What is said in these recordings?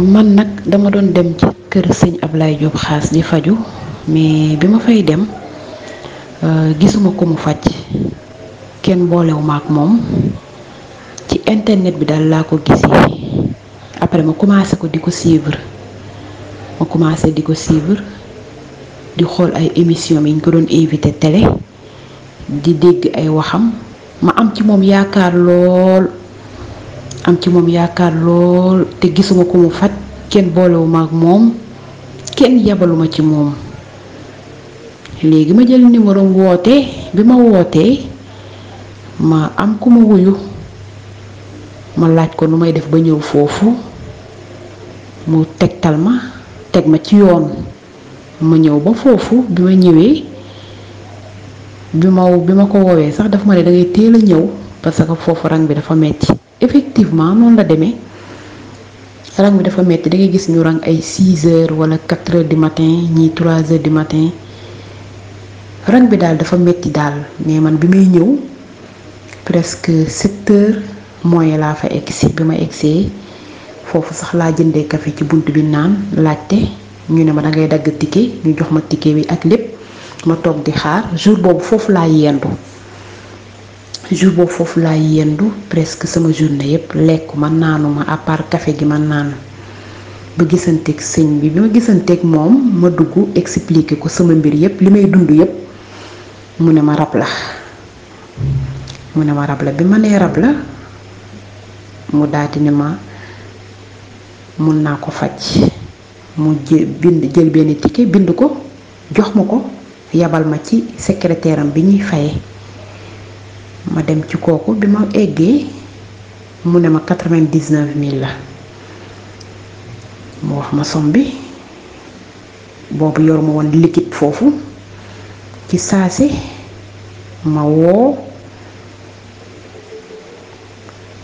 man nag dama doon dem ci kër sëñ Ablaye Diop xaas di faju mais bi ma fay dem euh, gisuma ko mu faj kenn boolewuma ak moom ci internet bi daal laa ko gisee après ma commencé ko di ko suivre ma commencé di ko suivre di xool ay émission bi ñu ko doon invité télé di dégg ay waxam ma am ci moom yaakaar lool. am ci moom yaakaar lool te gisuma ko mu faj kenn boolewuma ak moom kenn yabaluma ci moom léegi ma jël numéro woote bi ma wootee ma am ku ma wuyu ma laaj ko nu may def ba ñëw foofu mu tegtal ma teg ma ci yoon ma ñëw ba foofu bi ma ñëwee bi ma bi ma ko woowee sax dafa ma ne dangay teel a ñëw parce que foofu rang bi dafa metti effectivement noonu la demee rang bi dafa metti da ngay gis ñu rang ay 6 heures wala 4 heures du matin ñii 3 heures du matin rang bi daal dafa metti daal mais man bi may ñëw presque 7 heures mooy laa fa egsi bi ma egsee foofu sax laa jëndee café ci bunt bi naan laajte ñu ne ma da ngay dagg ticket ñu jox ma ticket bi ak lépp ma toog di xaar jour boobu foofu laa yendu jour boobu foofu laay yendu presque sama journée yépp lekku ma naanuma ma apart kafe gi ma naan ba gisanteeg sëñ bi bi ma gisanteeg moom ma dugg expliquer ko sama mbir yépp li may dund yépp mu ne ma rab la mu ne ma rab la bi ma rab la mu daldi ne ma mun naa ko faj mu jël bind jël benn ticket bind ko jox ma ko yabal ma ci secrétaire bi ñuy faye ma dem ci kooku bi ma eggee mu ne ma quatre-vingt-dix-neuf mille la mu wax ma som bi boobu yoru ma woon liquide foofu ci saasi ma woo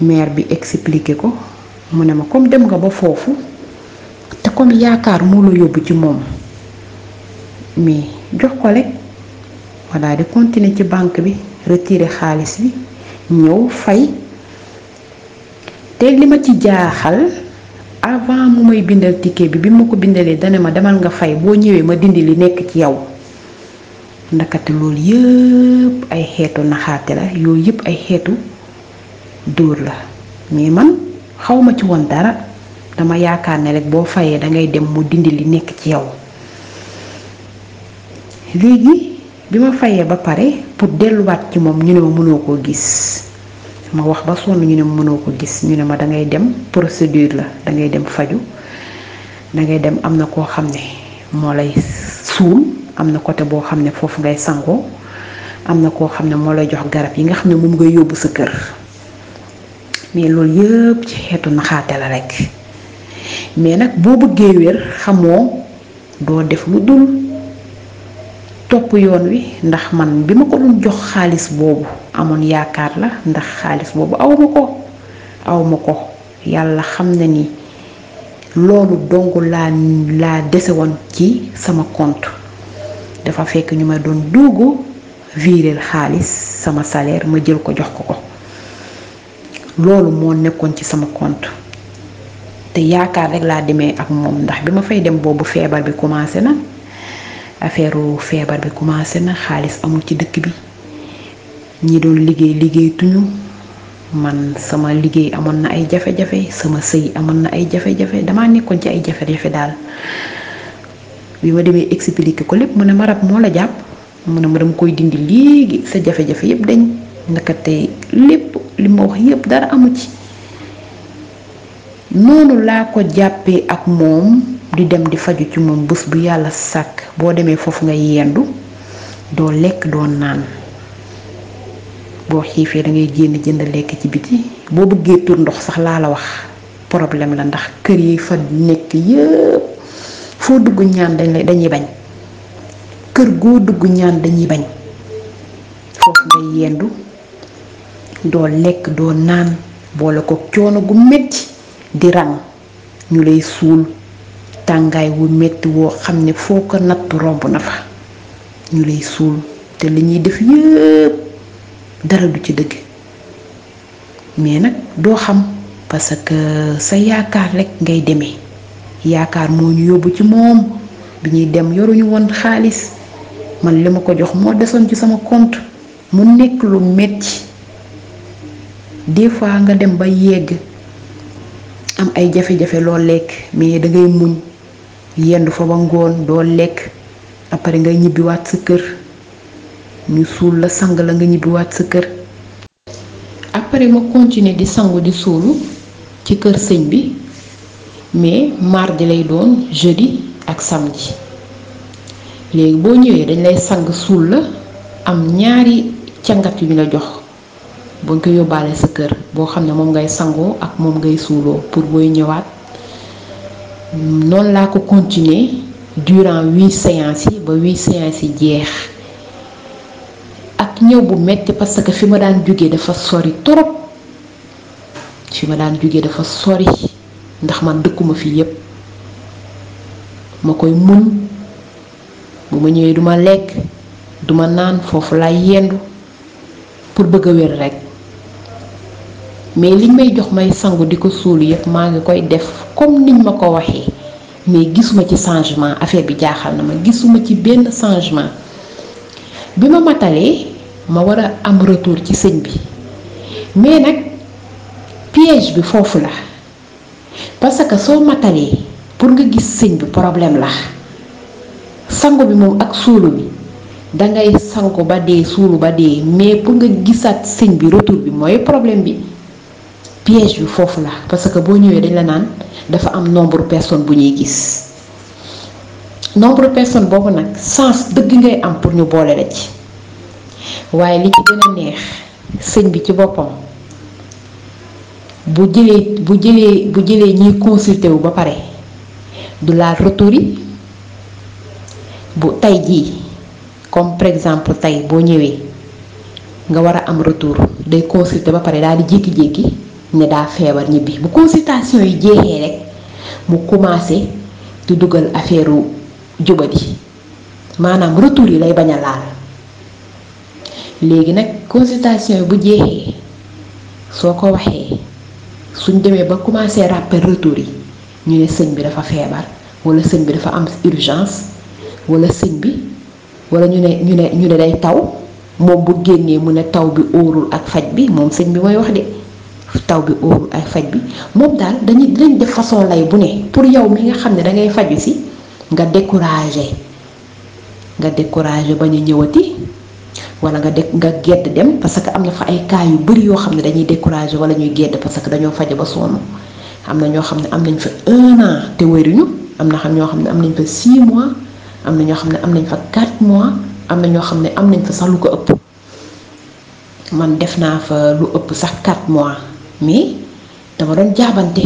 maire bi expliqué ko mu ne ma comme dem nga ba foofu te comme yaakaar moo la yóbbu ci moom mais jox ko rek ma daal di continuer ci banque bi retirer xaalis yi ñëw fay te li ma ci jaaxal avant mu may bindal ticket bi bi ma ko bindalee dana ma demal nga fay boo ñëwee ma dindi li nekk ci yow ndakate loolu yëpp ay xeetu naxaate la yooyu yëpp ay xeetu dóor la mais man xaw ma ci woon dara dama yaakaar ne rek boo fayee dangay dem mu dindi li nekk ci yow léegi bi ma fayee ba pare pour delluwaat ci moom ñu ne ma mënoo koo gis ma wax ba sonn ñu ne ma mënoo ko gis ñu ne ma dangay dem procédure la dangay dem faju dangay dem am na koo xam ne moo lay suul am na côté boo xam ne foofu ngay sangoo am na koo xam ne moo lay jox garab yi nga xam ne moom ngay yóbbu sa kër mais loolu yëpp ci xeetu naxaate la rekk mais nag boo bëggee wér xamoo doo def lu dul topp yoon wi ndax man bi ma ko doon jox xaalis boobu amoon yaakaar la ndax xaalis boobu aw ma ko aw ma ko yàlla xam na ni loolu dong laa dese woon ci sama compte dafa fekk ñu ma doon dugg viréel xaalis sama salaire ma jël ko jox ko ko loolu moo nekkoon ci sama compte te yaakaar rekk laa demee ak moom ndax bi ma fay dem boobu feebar bi commencé na. affaire feebar bi commencé na xaalis amul ci dëkk bi ñi doon liggéey liggéey man sama liggéey amoon na ay jafe-jafe sama sëy amoon na ay jafe-jafe damaa nekkoon ci ay jafe daal bi ma demee expliquer ko lépp mu ne ma rab moo la jàpp mu ne ma dama koy dindi léegi sa jafe-jafe yépp dañ naka tey lépp li ma wax yépp dara amu ci noonu laa ko jàppee ak moom. di dem di faju ci moom bés bu yàlla sàkk boo demee foofu nga yendu doo lekk doo naan boo xiifee da génn jënd lekk ci biti boo bëggee ndox sax laa wax problème la ndax kër yi nekk yépp dugg ñaan dañuy bañ kër goo dugg ñaan bañ yendu doo lekk doo naan boole ko coono gu metti di rang ñu lay suul tàngaay wu metti woo xam ne foo ko natt romb na fa ñu lay suul te li ñuy def yëpp dara du ci dëgg mais nag doo xam parce que sa yaakaar rekk ngay demee yaakaar moo ñu yóbbu ci moom bi ñuy dem yoruñu woon xaalis man li ma ko jox moo desoon ci sama compte mu nekk lu metti des fois nga dem ba yegg am ay jafe-jafe loo lekk mais dangay muñ yendu fa ba ngoon doo lekk après nga ñibbiwaat sa kër ñu suul la sang la nga ñibbiwaat sa kër après ma continuer di sangu di suulu ci kër sëñ bi mais mardi lay doon jeudi ak samedi léegi boo ñëwee dañ lay sang suul la am ñaari cangat yu ñu la jox buñ ko yóbbaale sa kër boo xam ne moom ngay sangoo ak moom ngay suuloo pour booy ñëwaat noonu laa ko continuer durant huit séances yi ba huit séances yi jeex ak ñëw bu metti parce que fi ma daan jógee dafa sori trop fi ma daan jógee dafa sori ndax man dëkkuma fii yépp ma koy muñ bu ma ñëwee duma lekk duma naan foofu lay yendu pour bëgg a wér rekk mais liñ may jox may sangu di ko suul yëpp maa ngi koy def comme niñ ma ko waxee mais gisuma ci changement affaire bi jaaxal na ma gisuma ci benn changement bi ma matalee ma war a am retour ci sëñ bi mais nag piège bi foofu la parce que soo matalee pour nga gis sëñ bi problème la sangu bi moom ak suulu bi dangay sangu ba dee suulu ba dee mais pour nga gisaat sëñ bi retour bi mooy problème bi piège yu foofu la parce que boo ñëwee dañ la naan dafa am nombre personne bu ñuy gis nombre personne boobu nag sens dëgg ngay am pour ñu boole la ci waaye li ci gën a neex sëñ bi ci boppam bu jëlee bu jëlee bu jëlee ñiy consulté wu ba pare du laal retour yi bu tey jii comme par exemple tey boo ñëwee nga war a am retour day consulté ba pare daal di jékki-jékki. ne daa feebar ñibbi bu consultation yi jeexee rek mu commencé di dugal affaire jubadi maanaam retour yi lay bañ a laal léegi nag consultation yi bu jeexee soo ko waxee suñ demee ba commencé rappel retour yi ñu ne sëñ bi dafa feebar wala sëñ bi dafa am urgence wala sëñ bi wala ñu ne ñu ne ñu ne day taw moom bu génnee mu ne taw bi óorul ak faj bi moom sëñ bi mooy wax de. taw bi óoru ay faj bi moom daal dañuy def façon lay bu ne pour yow mi nga xam ne dangay faju si nga découragé nga découragé bañ a ñëwati wala nga de nga gedd dem parce que am na fa ay cas yu bari yoo xam ne dañuy découragé wala ñuy gedd parce que dañoo faje ba sonn am na ñoo xam ne am nañ fa un an te am na xam ñoo xam ne am nañ fa mois am na ñoo xam ne am nañ fa quatre mois am na ñoo xam ne am nañ fa sax lu ko ëpp man def naa fa lu ëpp sax quatre mois mais dama doon jaabante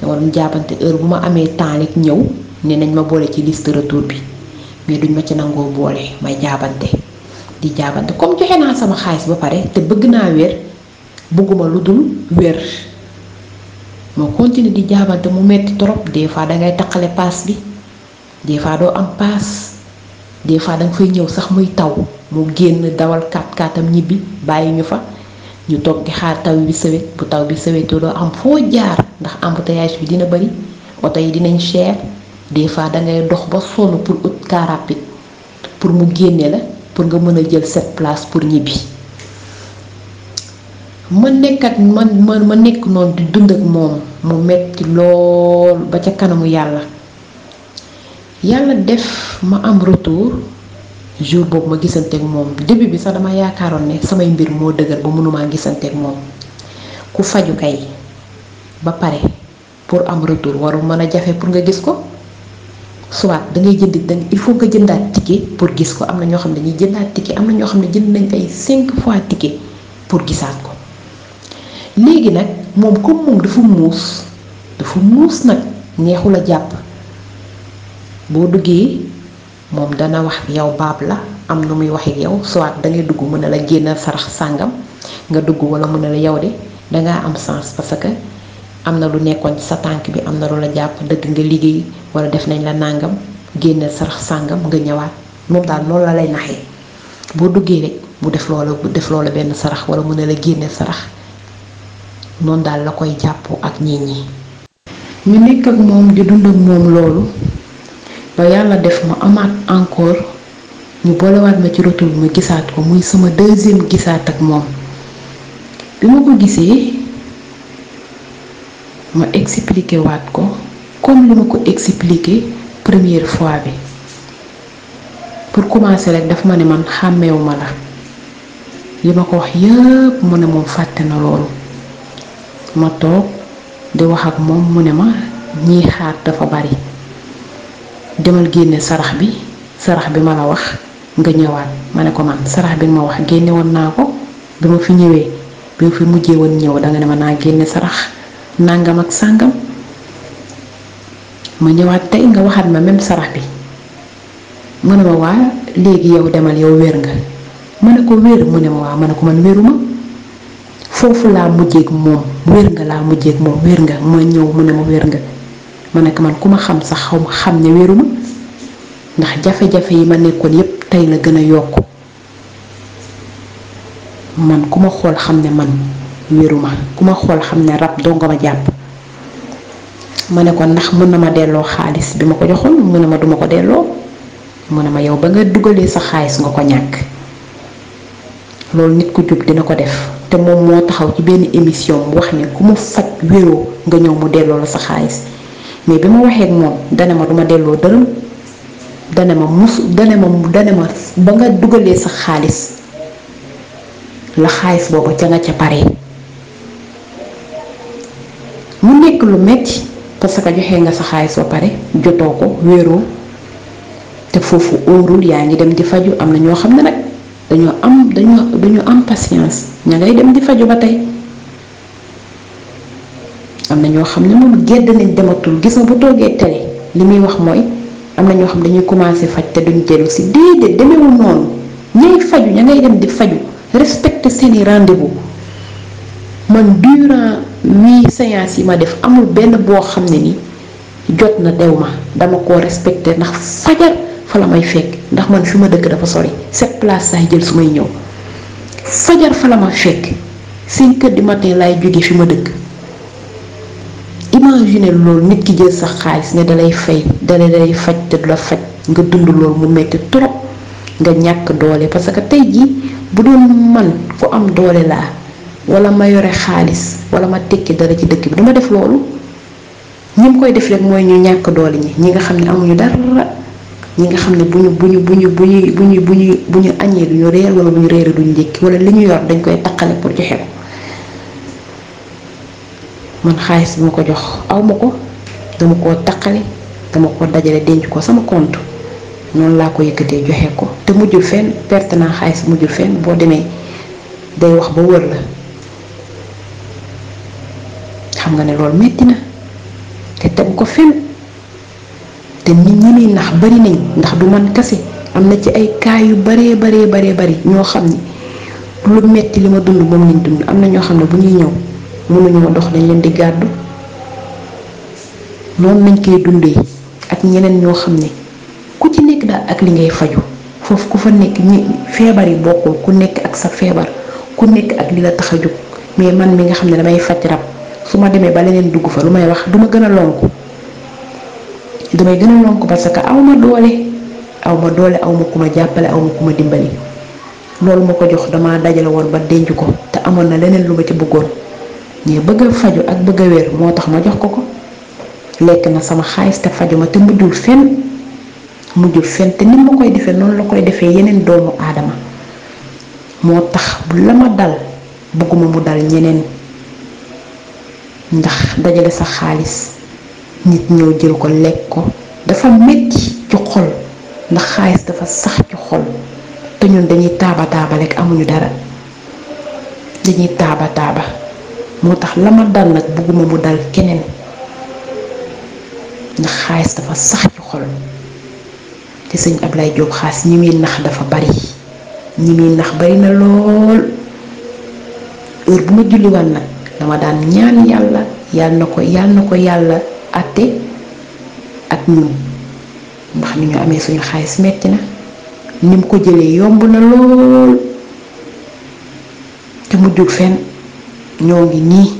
dama doon jaabante heure bu ma amee temps nit ñëw ne nañ ma boole ci liste retour bi mais duñ ma ci nangoo boole may jaabante di jaabante comme joxe naa sama xaalis ba pare te bëgg naa wér bëgguma lu dul wér moo continuer di jaabante mu metti trop des fois dangay taqale paas bi des fois doo am paas des fois danga fay ñëw sax muy taw mu génn dawal kaat kaatam ñibbi bàyyi ñu fa ñu toog di xaar taw bi sëwét bu taw bi sëwétoo doo am foo jaar ndax embouteillage bi dina bëri oto yi dinañ cher des fois dangay dox ba sonn pour ut car pour mu génne la pour nga mën a jël cette place pour ñibbi ma nekkat ma ma nekk noonu di dund ak moom mu metti lool ba ca kanamu yàlla yàlla def ma am retour jour boobu ma gisante gisanteeg moom début bi sax dama yaakaaroon ne samay mbir moo dëgër ba mënumaa gisanteeg moom ku faju kay ba pare pour am retour waru mën a jafe pour nga gis ko soit dangay jëndi da il faut nga jëndaat ticket pour gis ko am na ñoo xam ne dañuy jëndaat ticket am na ñoo xam ne jënd nañ ay cinq fois ticket pour gisaat ko léegi nag moom comme moom dafa muus dafa muus nag neexul a jàpp boo duggee. moom dana wax yow baab la am nu muy wax ak yow soit dangay dugg mën na la génnal sarax sàngam nga dugg wala mën na la yow de dangaa am sens parce que am na lu nekkoon sa tànk bi am na lu la jàpp dëgg nga liggéey wala def nañ la nàngam génnal sarax sàngam nga ñëwaat moom daal noonu la lay naxee boo duggee rek mu def loola def loola benn sarax wala mën na la génneel sarax noonu daal la koy jàppoo ak nit ñi. nekk ak moom di dund moom loolu. ba yàlla def ma amaat encore ñu boolewaat ma ci retour ma gisaat ko muy sama deuxième gisaat ak moom bi ma ko gisee ma explique waat ko comme li ko expliqué première fois bi pour commencer rek daf ma ne man xàmmewuma la li ma ko wax yépp mu ne moom fàtte na loolu ma toog di wax ak moom mu ne ma ñiy xaar dafa bari demal génne sarax bi sarax bi ma la wax nga ñëwaat ma ne ko man sarax bi ma wax génne woon naa ko bi ma fi ñëwee bi ma fi mujjee woon ñëw danga ne ma naa génne sarax nàngam ak sàngam ma ñëwaat tey nga waxaat ma même sarax bi mu ne ma waa léegi yow demal yow wér nga ma ne ko wér mu ne ma waa ma ne ko man wéruma foofu laa mujjeeg moom wér nga laa mujjeeg moom wér nga ma ñëw mu ne ma wér nga ma nekk man ku ma xam sax xaw ma xam ne wéruma ndax jafe-jafe yi ma nekkoon yépp tey la gën a yokk man ku ma xool xam ne man wéruma ku ma xool xam ne rab doo nga ma jàpp ma ne ndax mën na ma delloo xaalis bi ma ko joxoon mu na ma duma ko delloo mu na ma yow ba nga dugalee sa xaalis nga ko ñàkk loolu nit ku jub dina ko def te moom moo taxaw ci benn émission mu wax ne ku mu faj wéroo nga ñëw mu delloo la sa xaalis mais bi ma waxee ak moom dana ma duma delloo dërëm dana ma mus dana ma dana ma ba nga dugalee sa xaalis la xaalis boobu ca nga ca pare mu nekk lu metti parce que joxe nga sa xaalis ba pare jotoo ko wéeroo te foofu óorul yaa ngi dem di faju am na ñoo xam ne nag dañoo am dañoo am patience ña ngay dem di faju ba tey am na ñoo xam ne moom gedd nañ dematul gis nga bu toogee télé li muy wax mooy am na ñoo xam dañuy commencé faj te duñu dellu si déedéet demeewul noonu ñay faju ña ngay dem di faju respecté seeni rendez-vous man durant huit séances yi ma def amul benn boo xam ne ni jot na dew ma dama ko respecté ndax fajar fa la may fekk ndax man fi ma dëkk dafa sori cette place saay jël su may ñëw fajar fa la ma fekk cinq heures du matin laay jóge fi ma dëkk imagineel loolu nit ki jël sax xaalis ne dalay fay dale dalay faj te du la faj nga dund loolu mu metti trop nga ñàkk doole parce que tey jii bu doon man ku am doole laa wala ma yore xaalis wala ma tekki dara ci dëkk bi duma def loolu ñi mu koy def rek mooy ñu ñàkk doole ñi ñi nga xam ne amuñu dara ñi nga xam ne bu ñu bu ñu bu ñu bu ñu bu ñu bu ñu bu ñu añee duñu reer wala bu ñu reere duñu njëkki wala li ñu yor dañ koy taqale pour joxe ko man xaalis bi ma ko jox aw ma ko dama koo taqale dama ko dajale denc ko sama kont noonu laa ko yëkkatee joxe ko te mujjul fenn perte naa xaalis mujjul fenn boo demee day wax ba wër la xam nga ne loolu metti na te tegu ko fenn te nit ñi muy nax bari nañ ndax du man kese am na ci ay kaay yu baree baree baree bari ñoo xam ni lu metti li ma dund moom lañ dund am na ñoo xam ne bu ñuy ñëw. mënuñoo dox dañ leen di gàddu noonu lañ koy dundee ak ñeneen ñoo xam ne ku ci nekk daal ak li ngay faju foofu ku fa nekk ñi feebar yi bokkul ku nekk ak sa feebar ku nekk ak li la tax a jóg mais man mi nga xam ne damay faj rab su ma demee ba leneen dugg fa lu may wax du ma gën a lonku damay gën a lonku parce que aw ma doole aw ma doole aw ma ku ma jàppale aw ma ku ma dimbali loolu ma ko jox damaa dajale woon ba denc ko te amoon na leneen lu ma ci bëggoon. mais bëgg faju ak bëgg wér moo tax ma jox ko ko lekk na sama xaalis te faju ma te mujjul fenn mujjul fenn te ni ma koy defee noonu la koy defee yeneen doomu aadama moo tax bu la ma dal bëgguma mu dal ñeneen ndax dajale sa xaalis nit ñëw jël ko lekk ko dafa metti ci xol ndax xaalis dafa sax ci xol te ñun dañuy taaba taaba rek amuñu dara dañuy taaba taaba. moo tax la ma dal nag bëgguma mu dal keneen ndax xaalis dafa sax ci xol te sëñ Ablaye Diop xaalis ñi muy nax dafa bari ñi muy nax bari na lool heure bu ma julliwaan nag dama daan ñaan yàlla yàlla na ko yàlla ko yàlla àtte ak ñun ndax ni ñu amee suñu xaalis metti na ni ko jëlee yomb na lool te mujjul fenn. ñoo ngi nii